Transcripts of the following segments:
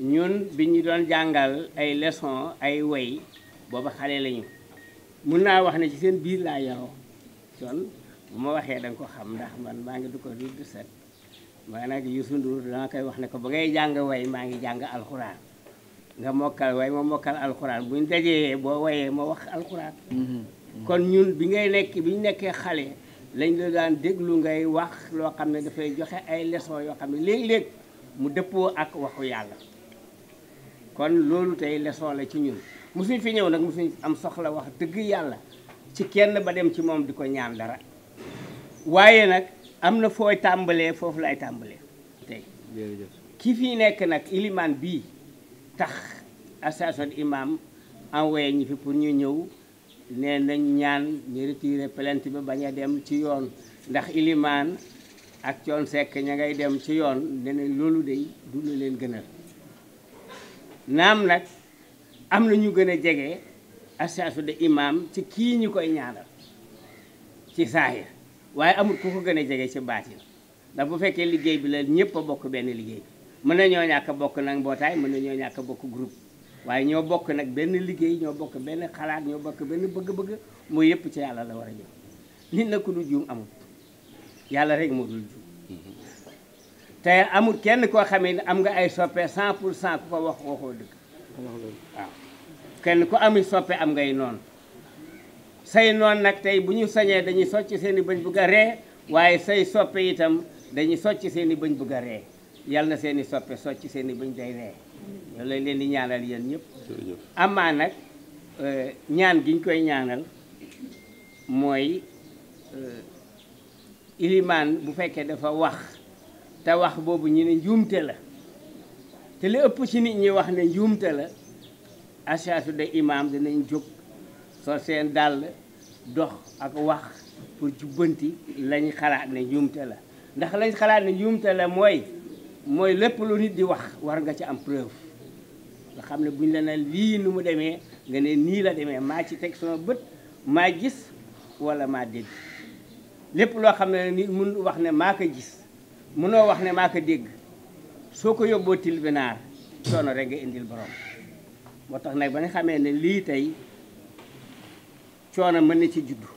ñun bi ñu doon jàngal ay leçon ay way booba xale lañu mun naa wax ne ci seen biir laa yaroo kon bu ma waxee da ko xam ndax man maa ngi du ko du set maa nag Youssou Ndour danga koy wax ne ko ba ngay jàng woy maa ngi jàng alxuraan nga mokkal woy ma mokkal alxuraan buñ dajee boo woyee ma wax alxuraan mm-hmm. kon ñun bi ngay nekk bi ñu nekkee xale lañ la daan déglu ngay wax loo xam ne dafay joxe ay leçon yoo xam ne léeg-léeg mu dëppoo ak waxu yàlla kon loolu tey leçon la ci ñun musuñ fi ñëw nag musuñ am soxla wax dëgg yàlla ci kenn ba dem ci moom di ko ñaan dara waaye nag am na fooy tàmbalee foofu lay tàmbalee tey ki fi nekk nag ilimaan bii tax association imam envoyé ñi fi pour ñu ñëw ne nañ ñaan ñu retiré plainte bi bañ a dem ci yoon ndax ilimaan ak coon sekk ña ngay dem ci yoon ne loolu de du la leen gënal naam nag am na ñu gën a jege association de imam ci kii ñu koy ñaanal ci saahir waaye amul ku ko gën a jege ci baatin ndax bu fekkee liggéey bi la ñëpp a bokk benn liggéey bi mën na ñoo ñàkk a bokk nag mbootaay mën na ñoo ñàkk a bokk groupe waaye ñoo bokk nag benn liggéey ñoo bokk benn xalaat ñoo bokk benn bëgg-bëgg mooy yëpp ci yàlla la war a ñëw nit nag ku dul juum amul yàlla rek moo dul juum te amul kenn koo xamee ne am nga ay soppe 100 pour cent ku ko wax waxoo dëgg waaw kenn ku amul soppe am ngay noon say noon nag tey bu ñu sañee dañuy socc seeni bëñ bañ bëgg a ree waaye say soppe itam dañuy socc seen i bañ bëgg a ree yàlla na seen soppe socc seen i bañ day ree loolu leen di ñaanal yéen ñëpp amaa nag euh, ñaan gi ñu koy ñaanal mooy euh, ilimaan bu fekkee dafa wax te wax boobu ñu ne njuumte la te li ëpp ci nit ñi wax ne njuumte la asaasu de imaam dinañ jóg soo seen dàll dox ak wax pour jubbanti lañ xalaat ne njuumte la ndax lañ xalaat ne njuumte la mooy mooy lépp lu nit di wax war nga ci am preuve nga xam ne buñ la ne lii nu mu demee nga ne nii la demee maa ci teg sama bët maa gis walla maa dégg lépp loo xam ne nit mun wax ne maa ko gis munoo wax ne maa ko dégg soo ko yóbboo tribunal coono rek nga indil borom moo tax nag ba nga xamee ne lii tey coono mën na ci juddu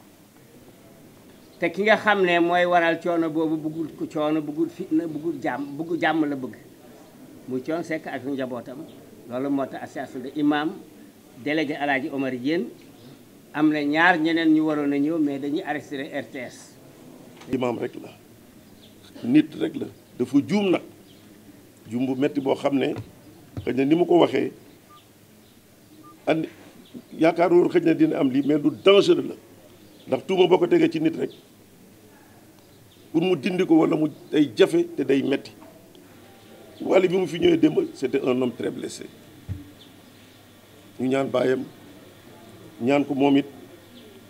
te ki nga xam ne mooy waral coono boobu bëggul ko coono bëggul fitna bëggul jàmm buggul jàmm la bëgg muy coon sekk ak njabootam loolu moo tax association de imam délégué alaaji Omar Diène am na ñaar ñeneen ñu waroon a ñëw mais dañuy arrêté RTS. imam rek la nit rek la dafa juum nag juum bu metti boo xam ne xëy na ni mu ko waxee and yaakaar woon xëy na dina am lii mais du dangereux la ndax tuuma boo ko tegee ci nit rek. pour mu dindi ko wala mu day jafé té day metti Wally bi mu fi ñëwé démb c'était un homme très blessé ñu ñaan bayam ñaan ko momit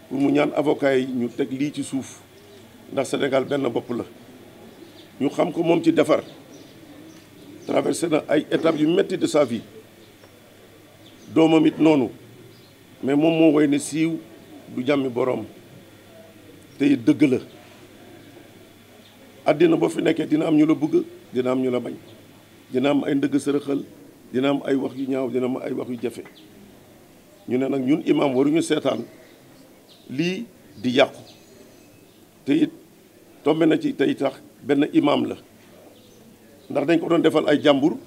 pour mu ñaan avocat yi ñu tek li ci suuf ndax Sénégal benn bop la ñu xam ko mom ci défar traversé na ay étapes yu metti de sa vie doomam it noonu mais mom mo woy ne siiw du jàmmi borom te it la àddina boo fi nekkee dina am ñu la bëgg dina am ñu la bañ dina am ay ndëgg sërëxal dina am ay wax yu ñaaw dina am ay wax yu jafe ñu ne nag ñun imam waruñu seetaan li di yàqu te it tombe na ci tey tax benn imam la ndax dañ ko doon defal ay jàmbur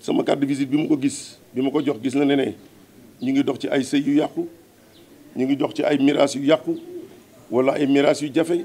sama carte de visite bi mu ko gis bi ma ko jox gis na ne ñu ngi dox ci ay sëy yu yàqu ñu ngi dox ci ay yu wala ay miraas yu jafe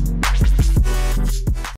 Bye.